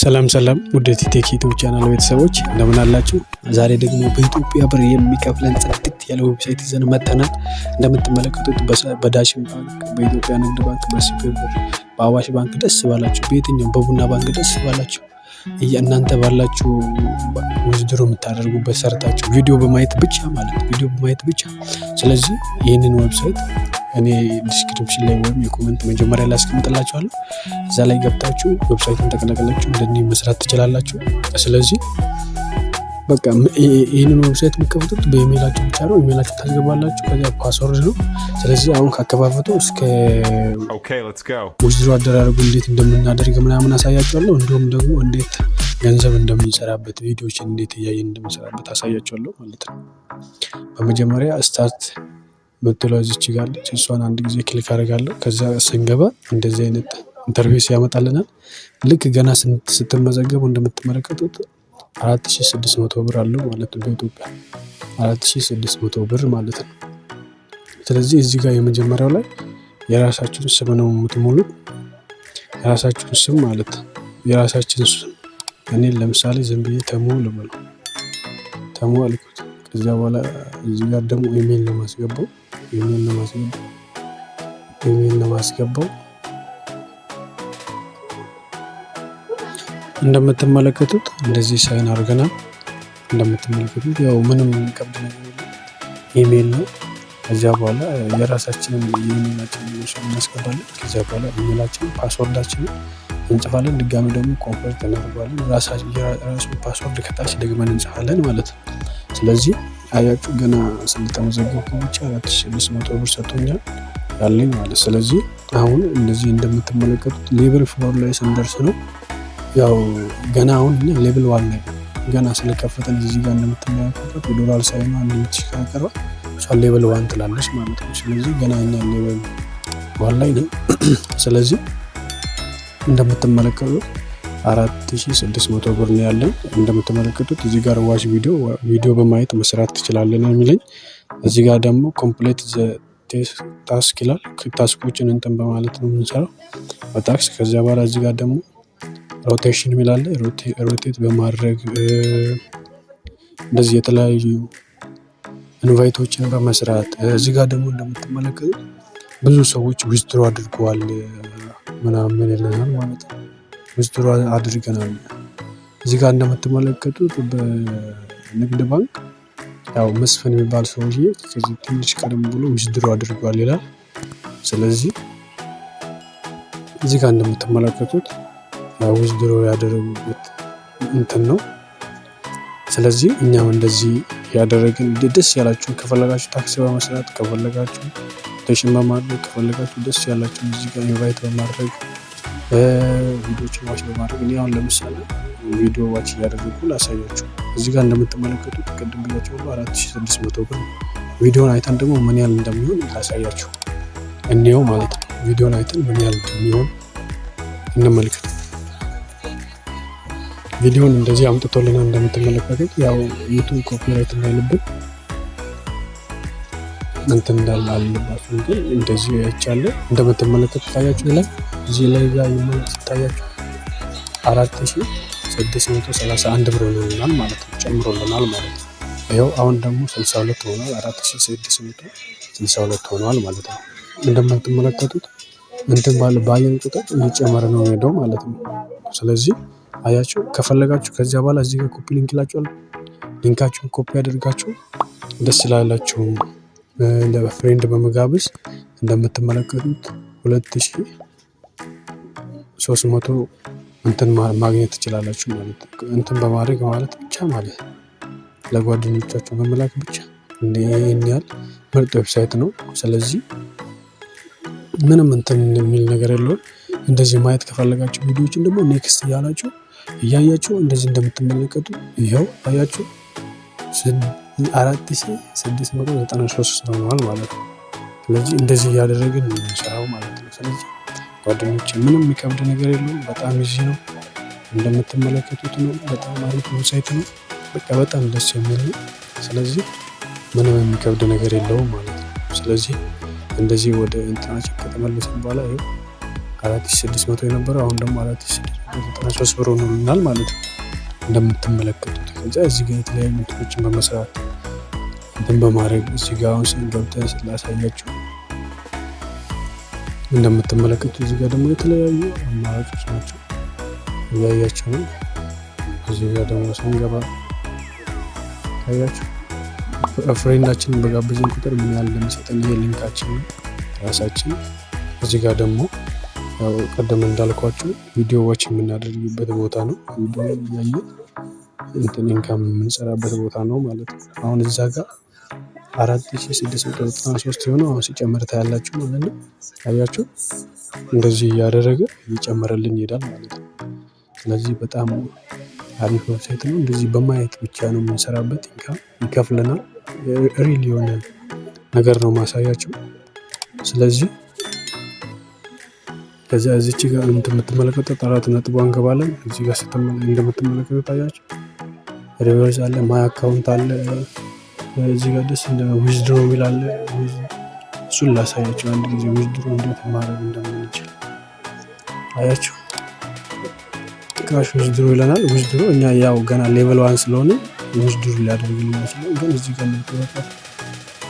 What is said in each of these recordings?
ሰላም ሰላም ውድ ቴክ ዩቲዩብ ቻናል ቤተሰቦች እንደምን አላችሁ? ዛሬ ደግሞ በኢትዮጵያ ብር የሚከፍለን ጽድት ያለ ዌብሳይት ይዘን መጥተናል። እንደምትመለከቱት በዳሽን ባንክ፣ በኢትዮጵያ ንግድ ባንክ፣ በሲቢኢ ብር፣ በአዋሽ ባንክ ደስ ባላችሁ፣ በየትኛውም በቡና ባንክ ደስ ባላችሁ እናንተ ባላችሁ ውዝድሮ የምታደርጉበት ሰርታችሁ ቪዲዮ በማየት ብቻ ማለት ቪዲዮ በማየት ብቻ። ስለዚህ ይህንን ዌብሳይት እኔ ዲስክሪፕሽን ላይ ወይም የኮመንት መጀመሪያ ላይ አስቀምጥላችኋለሁ። እዛ ላይ ገብታችሁ ዌብሳይትን ተቀላቅላችሁ እንደኔ መስራት ትችላላችሁ። ስለዚህ በቃ ይህንን ዌብሳይት የሚከፍቱት በኢሜላችሁ ብቻ ነው። ኢሜላችሁ ታስገባላችሁ። ከዚያ ፓስወርድ ነው። ስለዚህ አሁን ካከፋፈቱ እስከ ውዝድሮ አደራረጉ እንዴት እንደምናደርግ ምናምን አሳያችኋለሁ። እንዲሁም ደግሞ እንዴት ገንዘብ እንደምንሰራበት ቪዲዮችን እንዴት እያየን እንደምንሰራበት አሳያችኋለሁ ማለት ነው። በመጀመሪያ ስታርት የምትለው እዚች ጋር እሷን አንድ ጊዜ ክሊክ አደርጋለሁ። ከዚ ስንገባ እንደዚህ አይነት ኢንተርፌስ ያመጣልናል። ልክ ገና ስትመዘገቡ እንደምትመለከቱት 4600 ብር አለው ማለት ነው። በኢትዮጵያ 4600 ብር ማለት ነው። ስለዚህ እዚህ ጋር የመጀመሪያው ላይ የራሳችሁን ስም ነው የምትሞሉት። የራሳችሁን ስም ማለት የራሳችን ስም እኔ ለምሳሌ ዝም ብዬ ተሞ ልበሉ ተሞ አልኩት። ከዚያ በኋላ እዚህ ጋር ደግሞ ኢሜል ነው የማስገባው ኢሜል ነው የማስገባው። እንደምትመለከቱት እንደዚህ ሳይን አድርገናል። እንደምትመለከቱት ያው ምንም የሚከብድ ነገር ኢሜል ነው። ከዚያ በኋላ የራሳችንን የኢሜላችን እናስገባለን። ከዚያ በኋላ ኢሜላችን ፓስወርዳችን እንጽፋለን። ድጋሚ ደግሞ ኮንፈርት እናደርጓለን። ራሱ ፓስወርድ ከታች ደግመን እንጽፋለን ማለት ነው። ስለዚህ አያችሁ ገና ስለተመዘገብኩ ብቻ አራት ሺህ አምስት መቶ ብር ሰጥቶኛል ያለኝ ማለት። ስለዚህ አሁን እንደዚህ እንደምትመለከቱት ሌብል ፎር ላይ ስንደርስ ነው ያው ገና አሁን እኛ ሌብል ዋን ላይ ገና ስለከፈተን እዚህ ጋር እንደምትመለከቱት ዶላር ሳይኑ አንድ የምትሽከረከረ እሷ ሌብል ዋን ትላለች ማለት ነው። ስለዚህ ገና እኛ ሌብል ዋን ላይ ነው። ስለዚህ እንደምትመለከቱት 4600 ብር ነው ያለኝ። እንደምትመለከቱት እዚህ ጋር ዋሽ ቪዲዮ ቪዲዮ በማየት መስራት ትችላለን የሚለኝ። እዚህ ጋር ደግሞ ኮምፕሌት ታስክ ይላል። ታስኮችን እንትን በማለት ነው የምንሰራው በታክስ። ከዚያ በኋላ እዚህ ጋር ደግሞ ሮቴሽን የሚላለ ሮቴት በማድረግ እንደዚህ የተለያዩ ኢንቫይቶችን በመስራት እዚህ ጋር ደግሞ እንደምትመለከቱት ብዙ ሰዎች ዊዝድሮ አድርገዋል ምናምን ይለናል ማለት ነው። ብዙ አድርገናል። እዚህ ጋር እንደምትመለከቱት በንግድ ባንክ ያው መስፍን የሚባል ሰውዬ ትንሽ ቀደም ብሎ ዊዝድሮ አድርጓል ይላል። ስለዚህ እዚህ ጋር እንደምትመለከቱት ዊዝድሮ ያደረጉበት እንትን ነው። ስለዚህ እኛም እንደዚህ ያደረግን ደስ ያላችሁ ከፈለጋችሁ ታክሲ በመስራት ከፈለጋችሁ ቴሽን በማድረግ ከፈለጋችሁ ደስ ያላችሁ እዚህ ጋር ኢንቫይት በማድረግ ቪዲዮዎችን ዋች በማድረግ እኔ አሁን ለምሳሌ ቪዲዮ ዋች እያደረግኩ ላሳያችሁ። እዚህ ጋር እንደምትመለከቱት ቅድም ብያቸው ሁሉ አራት ስድስት መቶ ብር ቪዲዮን አይተን ደግሞ ምን ያህል እንደሚሆን ላሳያችሁ እንየው ማለት ነው። ቪዲዮን አይተን ምን ያህል እንደሚሆን እንመልከት። ቪዲዮን እንደዚህ አምጥቶልና እንደምትመለከቱት ያው ዩቱብ ኮፒራይት እንዳይልብን እንትን እንዳለ አለባቸው ግን እንደዚሁ ያቻለ እንደምትመለከት ታያችሁ ላይ እዚህ ላይ ጋር ይመለከት ታያችሁ አራት ሺ ስድስት መቶ ሰላሳ አንድ ብር ሆኖልናል ማለት ነው። ጨምሮልናል ማለት ነው። ይኸው አሁን ደግሞ ስልሳ ሁለት ሆኗል። አራት ሺ ስድስት መቶ ስልሳ ሁለት ሆኗል ማለት ነው። እንደምትመለከቱት እንትን ባለ ባየን ቁጥር እየጨመረ ነው ሄደው ማለት ነው። ስለዚህ አያችሁ ከፈለጋችሁ ከዚያ በኋላ እዚህ ጋር ኮፒ ሊንክ ይላችኋል። ሊንካችሁን ኮፒ ያደርጋችሁ ደስ ይላላችሁ። ለፍሬንድ በመጋበዝ እንደምትመለከቱት 2300 እንትን ማግኘት ትችላላችሁ ማለት እንትን በማድረግ ማለት ብቻ ማለት ለጓደኞቻችሁ በመላክ ብቻ ይህን ያህል ምርጥ ዌብሳይት ነው። ስለዚህ ምንም እንትን የሚል ነገር የለውም። እንደዚህ ማየት ከፈለጋችሁ ቪዲዮዎችን ደግሞ ኔክስት እያላችሁ እያያችሁ እንደዚህ እንደምትመለከቱ ይኸው አያችሁ አራት ሺ ነው ማለት ነው። ስለዚህ እንደዚህ እያደረግን የምንሰራው ማለት ነው። ስለዚህ ጓደኞች ምንም የሚከብድ ነገር የለውም። በጣም ይዚ ነው እንደምትመለከቱት ነው። በጣም አሪፍ ዌብሳይት ነው። በቃ በጣም ደስ የሚል ነው። ስለዚህ ምንም የሚከብድ ነገር የለውም ማለት ነው። ስለዚህ እንደዚህ ወደ እንትናችን ከተመለስን በኋላ ይኸው አራት ሺ ስድስት መቶ የነበረው አሁን ደግሞ አራት ሺ ስድስት መቶ ዘጠና ሶስት ብር ሆኖልናል ማለት ነው። እንደምትመለከቱት ከዚያ እዚህ ጋር የተለያዩ እንትኖችን በመስራት እንትን በማድረግ እዚህ ጋር አሁን ስንገብተ ስላሳያችሁ እንደምትመለከቱ እዚህ ጋር ደግሞ የተለያዩ አማራጮች ናቸው እያያቸው ነው። እዚህ ጋር ደግሞ ስንገባ ታያችሁ ፍሬንዳችን በጋበዝን ቁጥር ምን ያህል ለሚሰጠን ይሄ ሊንካችን ራሳችን እዚህ ጋር ደግሞ ቀደም እንዳልኳችሁ ቪዲዮዎች የምናደርግበት ቦታ ነው። ቪዲዮ እያየ እንትን ኢንካም የምንሰራበት ቦታ ነው ማለት ነው። አሁን እዛ ጋር አራት ሺ ስድስት መቶ ዘጠና ሶስት የሆነው አሁን ሲጨምር ታያላችሁ ማለት ነው። ታያችሁ እንደዚህ እያደረገ እየጨመረልን ይሄዳል ማለት ነው። ስለዚህ በጣም አሪፍ ዌብሳይት ነው። እንደዚህ በማየት ብቻ ነው የምንሰራበት። ኢንካም ይከፍለናል። ሪል የሆነ ነገር ነው ማሳያቸው። ስለዚህ ከዚያ እዚች ጋር እንደምትመለከተው ጠራት ነጥቡ አንገባለን። እዚህ ጋር እንደምትመለከተው ታያቸው ሪቨርስ አለ፣ ማይ አካውንት አለ እዚህ ጋር ደስ እንደ ዊዝድሮ ይላል። እሱን ላሳያቸው አንድ ጊዜ ዊዝድሮ እንዴት ማድረግ እንደምንችል አያቸው። ጥቃሽ ዊዝድሮ ይለናል። ዊዝድሮ እኛ ያው ገና ሌቨል ዋን ስለሆነ ዊዝድሮ ሊያደርግልን ይችላል። ግን እዚህ ጋር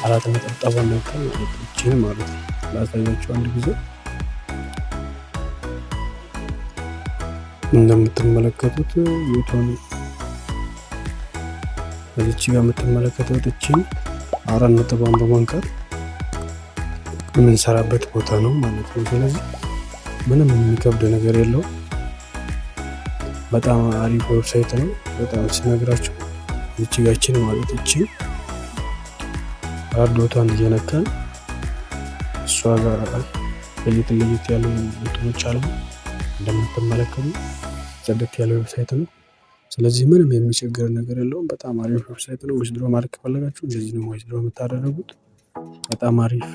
አራት ነጠብጣብ ማለት ነው። ላሳያቸው አንድ ጊዜ እንደምትመለከቱት የቶኑ በዚች ጋር የምትመለከቱት እቺን አራት ነጥቧን በማንካት የምንሰራበት ቦታ ነው ማለት ነው። ስለዚህ ምንም የሚከብድ ነገር የለው። በጣም አሪፍ ዌብሳይት ነው። በጣም ሲነግራችሁ እጅጋችን ማለት እቺ አራት ዶቷን እየነካን እሷ ጋር ለየት ለየት ያሉ እንትኖች አሉ። እንደምትመለከቱ ጽድት ያለ ዌብሳይት ነው። ስለዚህ ምንም የሚቸግር ነገር የለውም። በጣም አሪፍ ዌብሳይት ነው። ዊዝድሮ ማድረግ ከፈለጋችሁ እንደዚህ ነው ዊዝድሮ የምታደረጉት። በጣም አሪፍ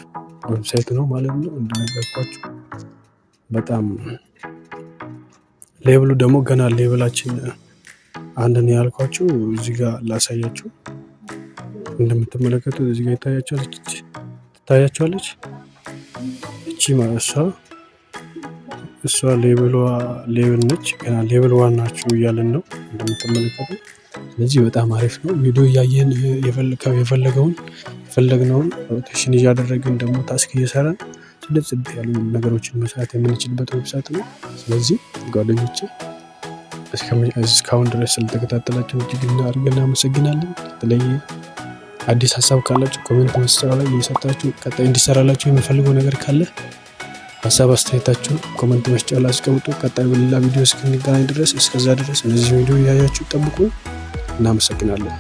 ዌብሳይት ነው ማለት ነው። እንደነገርኳችሁ በጣም ሌብሉ ደግሞ ገና ሌብላችን አንድን ያልኳችሁ እዚህ ጋር ላሳያችሁ። እንደምትመለከቱት እዚህ ጋር ይታያችኋለች ትታያችኋለች እቺ ማለት እሷ ሌብል ነች። ገና ዋን ዋናችሁ እያለን ነው እንደምትመለከቱ። ስለዚህ በጣም አሪፍ ነው። ቪዲዮ እያየን የፈለገውን የፈለግነውን ሮቴሽን እያደረግን ደግሞ ታስክ እየሰራን ስለ ጽድ ያሉ ነገሮችን መስራት የምንችልበት ዌብሳይት ነው። ስለዚህ ጓደኞች እስካሁን ድረስ ስለተከታተላቸው እጅግ አድርገን እናመሰግናለን። በተለየ አዲስ ሀሳብ ካላችሁ ኮሜንት መስጫ ላይ እየሰጣችሁ ቀጣይ እንዲሰራላችሁ የሚፈልገው ነገር ካለ ሀሳብ አስተያየታችሁን ኮመንት መስጫ ላይ አስቀምጡ። ቀጣይ በሌላ ቪዲዮ እስክንገናኝ ድረስ እስከዛ ድረስ እነዚህ ቪዲዮ እያያችሁ ጠብቁ። እናመሰግናለን።